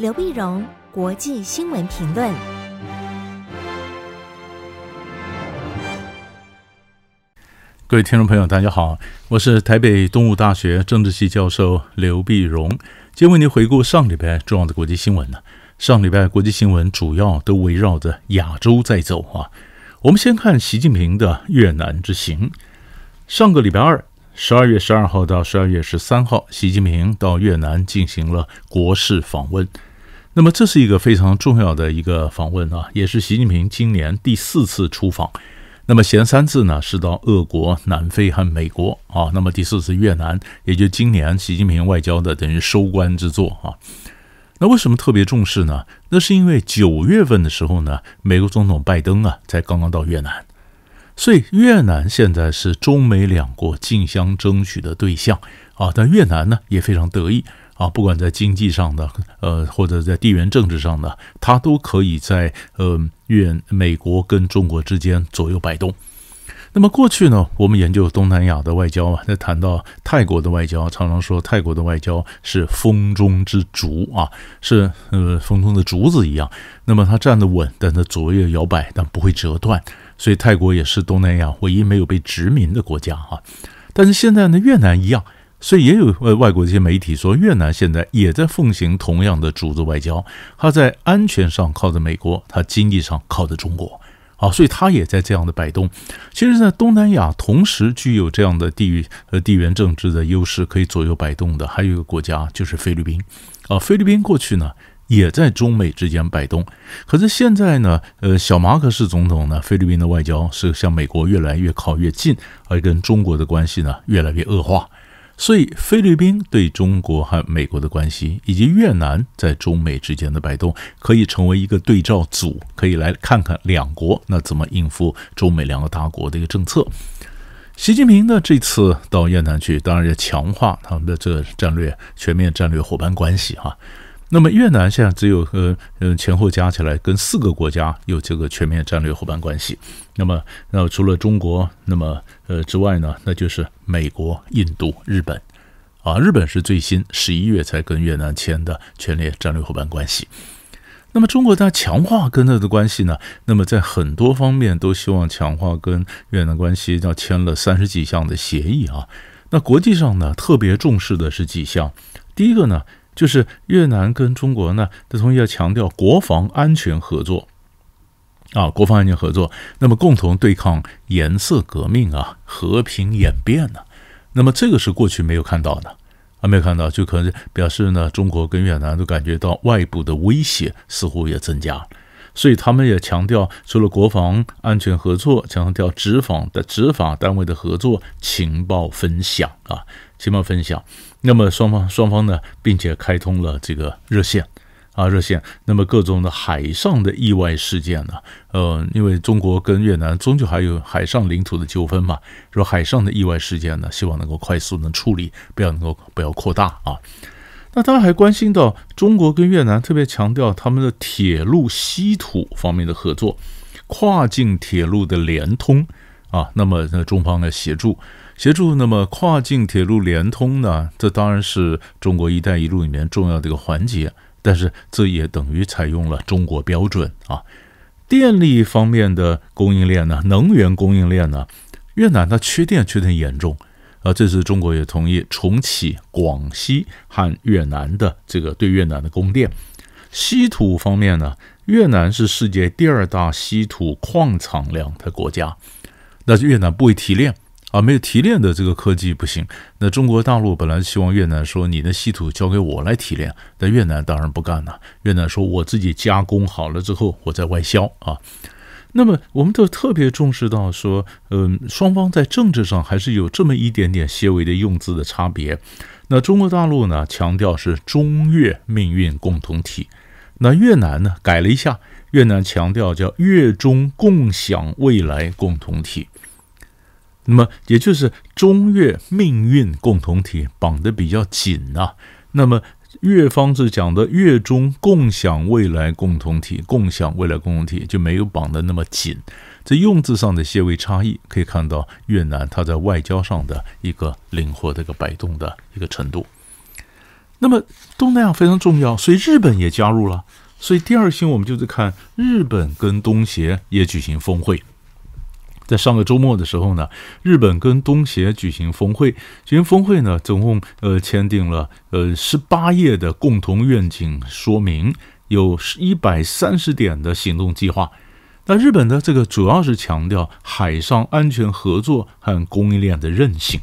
劉必榮，國際新聞評論。各位聽眾朋友，大家好，我是台北東吳大學政治系教授劉必榮。今天，為您回顧上禮拜重要的國際新聞呢。上禮拜國際新聞主要都圍繞着亞洲在走啊。我們先看習近平的越南之行。上個禮拜二，十二月十二號到十二月十三號，習近平到越南進行了國事訪問。那麼這是一個非常重要的一個訪問啊，也是習近平今年第四次出訪。那麼前三次呢是到俄國、南非和美國啊，那麼第四次越南，也就今年習近平外交的等於收官之作啊。那為什麼特別重視呢？那是因為九月份的時候呢，美國總統拜登啊才剛剛到越南，所以越南現在是中美兩國競相爭取的對象啊。但越南呢也非常得意。啊，不管在經濟上的，呃，或者在地緣政治上的，它都可以在呃越、美國跟中國之間左右擺動。那麼過去呢，我們研究東南亞的外交啊，在談到泰國的外交，常常說泰國的外交是風中之竹啊，是呃風中的竹子一樣。那麼它站得穩，但它左右搖擺，但不會折斷。所以泰國也是東南亞唯一沒有被殖民的國家啊，但是現在呢，越南一樣。所以也有外外國一些媒體說，越南現在也在奉行同樣的竹子外交，它在安全上靠着美國，它經濟上靠着中國啊，所以它也在這樣的擺動。其實，在東南亞同時具有這樣的地域和地緣政治的優勢，可以左右擺動的還有一個國家就是菲律賓啊。菲律賓過去呢也在中美之間擺動，可是現在呢，呃，小馬可仕總統呢，菲律賓的外交是向美國越來越靠越近，而跟中國的關係呢越來越惡化。所以，菲律賓對中國和美國的關係，以及越南在中美之間的擺動，可以成為一個對照組，可以來看看兩國那怎麼應付中美兩個大國的一個政策。習近平呢這次到越南去，當然要強化他們的這個戰略，全面戰略夥伴關係哈、啊。那麼越南現在只有呃嗯前後加起來跟四個國家有這個全面戰略夥伴關係。那麼，那除了中國，那麼呃之外呢，那就是美國、印度、日本，啊，日本是最新十一月才跟越南簽的全面戰略夥伴關係。那麼中國在強化跟它的關係呢，那麼在很多方面都希望強化跟越南關係，要簽了三十幾項的協議啊。那國際上呢，特別重視的是幾項，第一個呢。就是越南跟中國呢，都同時要強調國防安全合作啊，國防安全合作，那麼共同對抗顏色革命啊，和平演變呢、啊，那麼這個是過去沒有看到的啊，沒有看到，就可能表示呢，中國跟越南都感覺到外部的威脅似乎也增加，所以他們也強調除了國防安全合作，強調執法的執法單位的合作，情報分享啊，情報分享。那麼雙方雙方呢，並且開通了這個熱線啊，熱線。那麼各種的海上的意外事件呢，呃，因為中國跟越南終究還有海上領土的糾紛嘛，說海上的意外事件呢，希望能夠快速能處理，不要能夠不要擴大啊。那當然還關心到中國跟越南特別強調他們的鐵路稀土方面的合作，跨境鐵路的聯通啊。那麼那中方呢，協助。協助，那麼跨境鐵路聯通呢，這當然是中國“一帶一路”裡面重要的一個環節，但是這也等於採用了中國標準啊。電力方面的供應鏈呢，能源供應鏈呢，越南它缺電缺得嚴重啊，這次中國也同意重啟廣西和越南的這個對越南的供電。稀土方面呢，越南是世界第二大稀土礦藏量的國家，那是越南不會提煉，啊，沒有提煉的這個科技不行。那中國大陸本來希望越南說你的稀土交給我來提煉，但越南當然不幹了。越南說我自己加工好了之後，我再外銷啊。那麼我們都特別重視到說，嗯，雙方在政治上還是有這麼一點點些微的用字的差別。那中國大陸呢，強調是中越命運共同體。那越南呢，改了一下，越南強調叫越中共享未來共同體。那麼，也就是中越命運共同體綁得比較緊吶、啊。那麼，越方是講的越中共享未來共同體，共享未來共同體就沒有綁得那麼緊。這用字上的些微差異，可以看到越南它在外交上的一個靈活、的一個擺動的一個程度。那麼，東南亞非常重要，所以日本也加入了。所以，第二性我們就是看日本跟東協也舉行峰會。在上個周末的時候呢，日本跟東協舉行峰會。舉行峰會呢，總共呃簽訂了呃十八頁的共同願景說明，有一百三十點的行動計劃。那日本的這個主要是強調海上安全合作和供應鏈的韌性。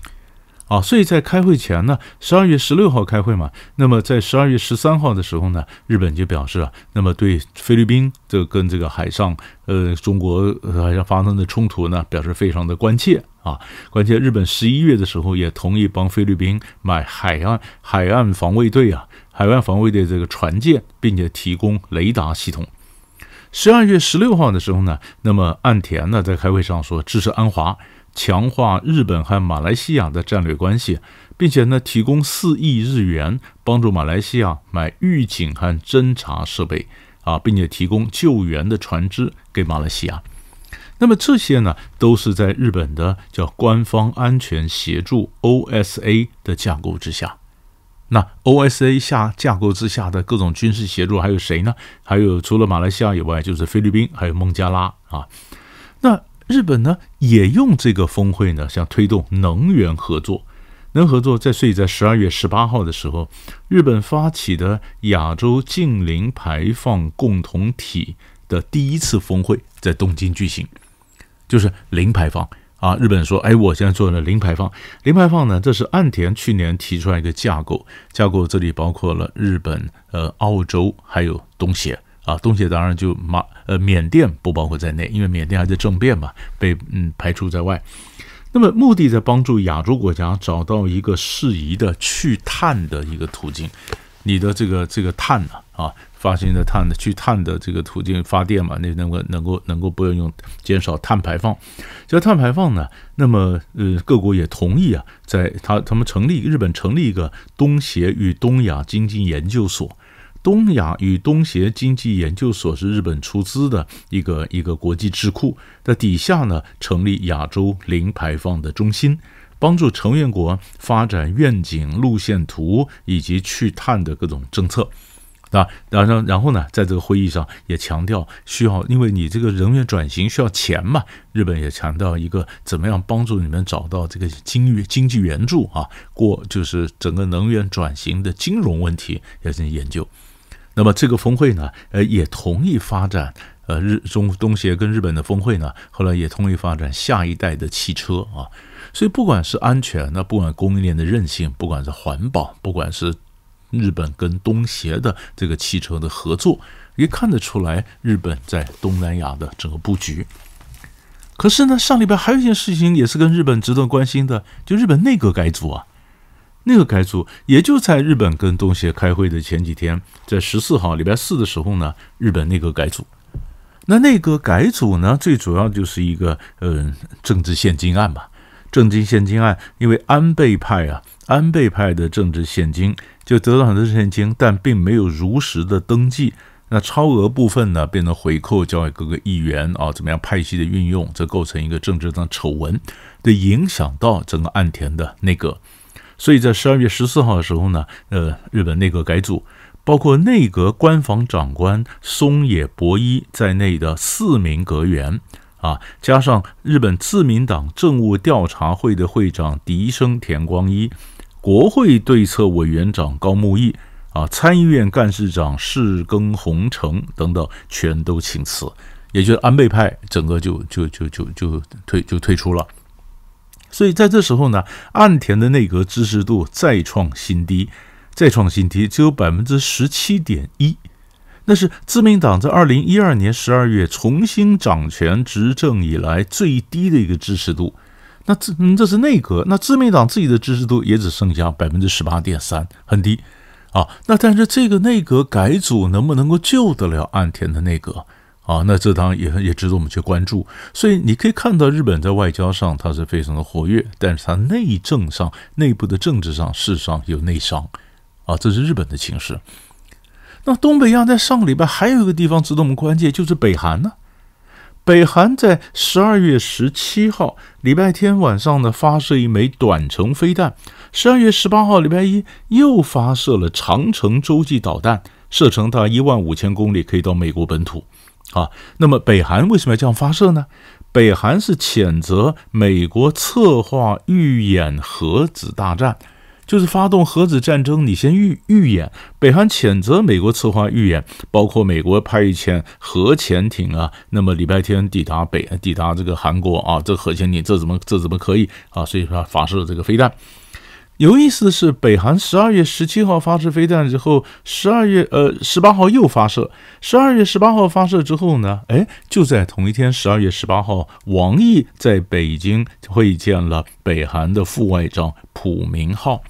啊，所以在開會前呢，十二月十六號開會嘛，那麼在十二月十三號的時候呢，日本就表示啊，那麼對菲律賓的跟這個海上呃中國好像，呃、發生的衝突呢，表示非常的關切啊。關鍵日本十一月的時候也同意幫菲律賓買海岸海岸防衛隊啊，海岸防衛隊這個船艦，並且提供雷達系統。十二月十六號的時候呢，那麼岸田呢在開會上說支持安華。強化日本和馬來西亞的戰略關係，並且呢，提供四億日元幫助馬來西亞買預警和偵察設備啊，並且提供救援的船只給馬來西亞。那麼這些呢，都是在日本的叫官方安全協助 （OSA） 的架構之下。那 OSA 下架構之下的各種軍事協助還有誰呢？還有除了馬來西亞以外，就是菲律賓，還有孟加拉啊。那。日本呢，也用這個峰會呢，想推動能源合作。能合作在，所以在十二月十八號的時候，日本發起的亞洲淨零排放共同體的第一次峰會在東京舉行，就是零排放啊。日本說，哎，我現在做了零排放。零排放呢，這是岸田去年提出來一個架構，架構這裡包括了日本、呃，澳洲還有東協。啊，東協當然就馬呃緬甸不包括在內，因為緬甸還在政變嘛，被嗯排除在外。那麼目的在幫助亞洲國家找到一個適宜的去碳的一個途徑。你的這個這個碳呢啊，啊，發行的碳的去碳的這個途徑發電嘛，那能夠能夠能夠不用用減少碳排放。這個碳排放呢，那麼呃各國也同意啊，在他他們成立日本成立一個東協與東亞經濟研究所。東亞與東協經濟研究所是日本出資的一個一個國際智庫，在底下呢，成立亞洲零排放的中心，幫助成員國發展願景路線圖以及去碳的各種政策。那然後然後呢，在這個會議上也強調需要，因為你這個能源轉型需要錢嘛，日本也強調一個怎麼樣幫助你們找到這個經濟經濟援助啊，過就是整個能源轉型的金融問題要進行研究。那麼這個峰會呢，呃，也同意發展，呃，日中東協跟日本的峰會呢，後來也同意發展下一代的汽車啊。所以不管是安全，那不管供應鏈的韌性，不管是環保，不管是日本跟東協的這個汽車的合作，也看得出來日本在東南亞的整個佈局。可是呢，上禮拜還有一件事情也是跟日本值得關心的，就日本內閣改組啊。那個改組也就在日本跟東協開會的前幾天，在十四號禮拜四的時候呢，日本內閣改組。那內閣改組呢，最主要就是一個呃政治獻金案吧。政治獻金案，因為安倍派啊，安倍派的政治獻金就得到很多獻金，但並沒有如實的登記。那超額部分呢，變成回扣交給各個議員啊，怎麼樣派系的運用，則構成一個政治上醜聞，對影響到整個岸田的那個。所以在十二月十四號的時候呢，呃，日本內閣改組，包括內閣官房長官松野博一在內的四名閣員，啊，加上日本自民黨政務調查會的會長萩生田光一，國會對策委員長高木毅，啊，參議院幹事長世耕弘成等等，全都請辭，也就是安倍派整個就就就就就，就，就退就退出了。所以在這時候呢，岸田的內閣支持度再創新低，再創新低，只有百分之十七點一，那是自民黨在二零一二年十二月重新掌權執政以來最低的一個支持度。那這、嗯、這是內閣，那自民黨自己的支持度也只剩下百分之十八點三，很低啊。那但是這個內閣改組能不能夠救得了岸田的內閣？啊，那這當然也也值得我們去關注。所以你可以看到，日本在外交上它是非常的活躍，但是它內政上、內部的政治上事實上有內傷。啊，這是日本的情勢。那東北亞在上禮拜還有一個地方值得我們關切，就是北韓呢、啊。北韓在十二月十七號禮拜天晚上呢發射一枚短程飛彈，十二月十八號禮拜一又發射了長程洲際導彈，射程達一萬五千公里，可以到美國本土。啊，那麼北韓為什麼要這樣發射呢？北韓是譴責美國策劃預演核子大戰，就是發動核子戰爭，你先預預演。北韓譴責美國策劃預演，包括美國派遣核潛艇啊，那麼禮拜天抵達北抵達這個韓國啊，這核潛艇這怎麼這怎麼可以啊？所以說發射這個飛彈。有意思的是，北韓十二月十七號發射飛彈之後，十二月呃十八號又發射。十二月十八號發射之後呢，哎，就在同一天，十二月十八號，王毅在北京會見了北韓的副外長朴明浩。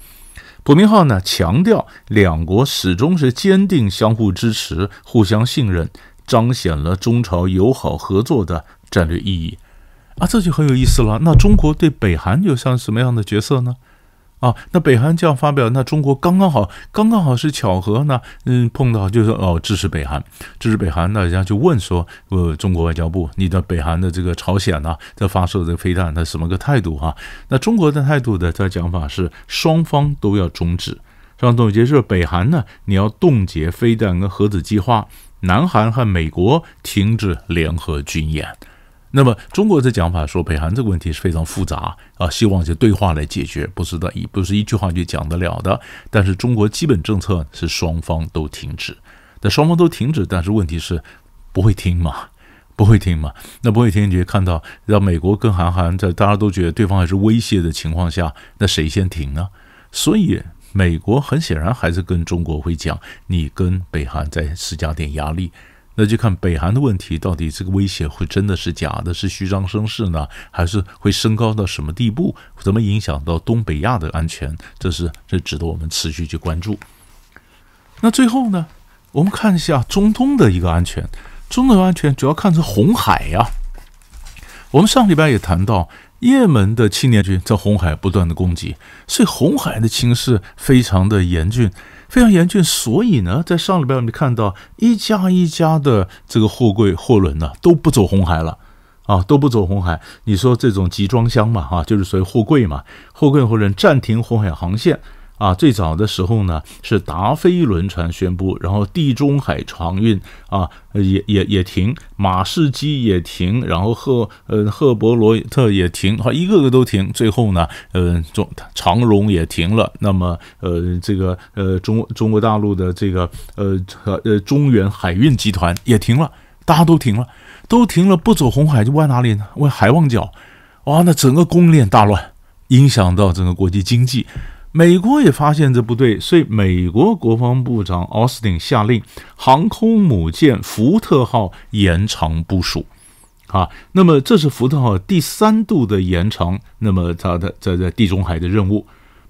朴明浩呢，強調兩國始終是堅定相互支持、互相信任，彰顯了中朝友好合作的戰略意義。啊，這就很有意思了。那中國對北韓有像什麼樣的角色呢？啊，那北韓這樣發表，那中國剛剛好，剛剛好是巧合呢，嗯，碰到就是哦支持北韓，支持北韓，人家就問說，呃，中國外交部，你的北韓的這個朝鮮呢、啊，在發射這個飛彈，它什麼個態度啊？那中國的態度的，他講法是雙方都要終止。這樣總結就是：北韓呢，你要凍結飛彈跟核子計劃；南韓和美國停止聯合軍演。那麼中國的講法說，北韓這個問題是非常複雜啊，希望就對話來解決，不是的一不是一句話就講得了的。但是中國基本政策是雙方都停止，但雙方都停止，但是問題是不會聽嗎？不會聽嗎？那不會聽，你看到讓美國跟韓寒在大家都覺得對方還是威脅的情況下，那誰先停呢？所以美國很顯然還是跟中國會講，你跟北韓再施加點壓力。那就看北韓的問題到底這個威脅會真的是假的，是虛張聲勢呢，還是會升高到什麼地步，怎麼影響到東北亞的安全，這是這值得我們持續去關注。那最後呢，我們看一下中東的一個安全，中東安全主要看是紅海呀，啊。我們上禮拜也談到，也門的青年軍在紅海不斷的攻擊，所以紅海的形勢非常的嚴峻。非常嚴峻，所以呢，在上禮拜我們看到一家一家的這個貨櫃貨輪呢都不走紅海了，啊，都不走紅海。你說這種集裝箱嘛，哈、啊，就是屬於貨櫃嘛，貨櫃貨輪暫停紅海航線。啊，最早的時候呢，是達飛輪船宣布，然後地中海船運啊，也也也停，馬士基也停，然後赫呃赫伯羅特也停，好，一個個都停。最後呢，呃中長榮也停了。那麼呃這個呃中中國大陸的這個呃和呃中遠海運集團也停了，大家都停了，都停了，不走紅海就往哪裡呢？往好望角，哇，那整個供應鏈大亂，影響到整個國際經濟。美國也發現這不對，所以美國國防部長奧斯汀下令航空母艦福特號延長部署。啊，那麼這是福特號第三度的延長。那麼它的在在，在地中海的任務，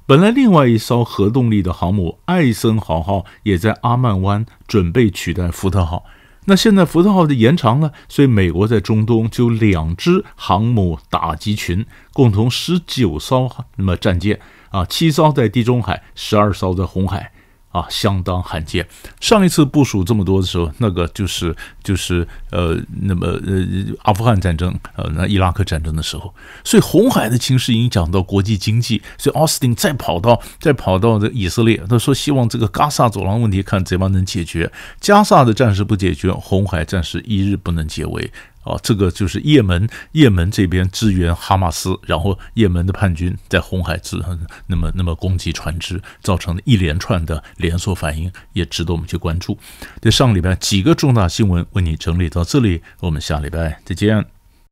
本來另外一艘核動力的航母艾森豪號也在阿曼灣準備取代福特號。那現在福特號的延長呢？所以美國在中東就兩支航母打擊群，共同十九艘那麼戰艦。啊，七艘在地中海，十二艘在紅海，啊，相當罕見。上一次部署這麼多的時候，那個就是就是呃，那麼呃，阿富汗戰爭，呃，那伊拉克戰爭的時候。所以紅海的情勢影響到國際經濟，所以奧斯汀再跑到再跑到這以色列，他說希望這個加薩走廊問題看怎樣能解決，加薩的戰事不解決，紅海暫時一日不能解圍。哦，這個就是葉門，葉門這邊支援哈馬斯，然後葉門的叛軍在紅海之那麼那麼攻擊船隻，造成的一連串的連鎖反應，也值得我們去關注。這上個禮拜幾個重大新聞為你整理到這裡，我們下禮拜再見。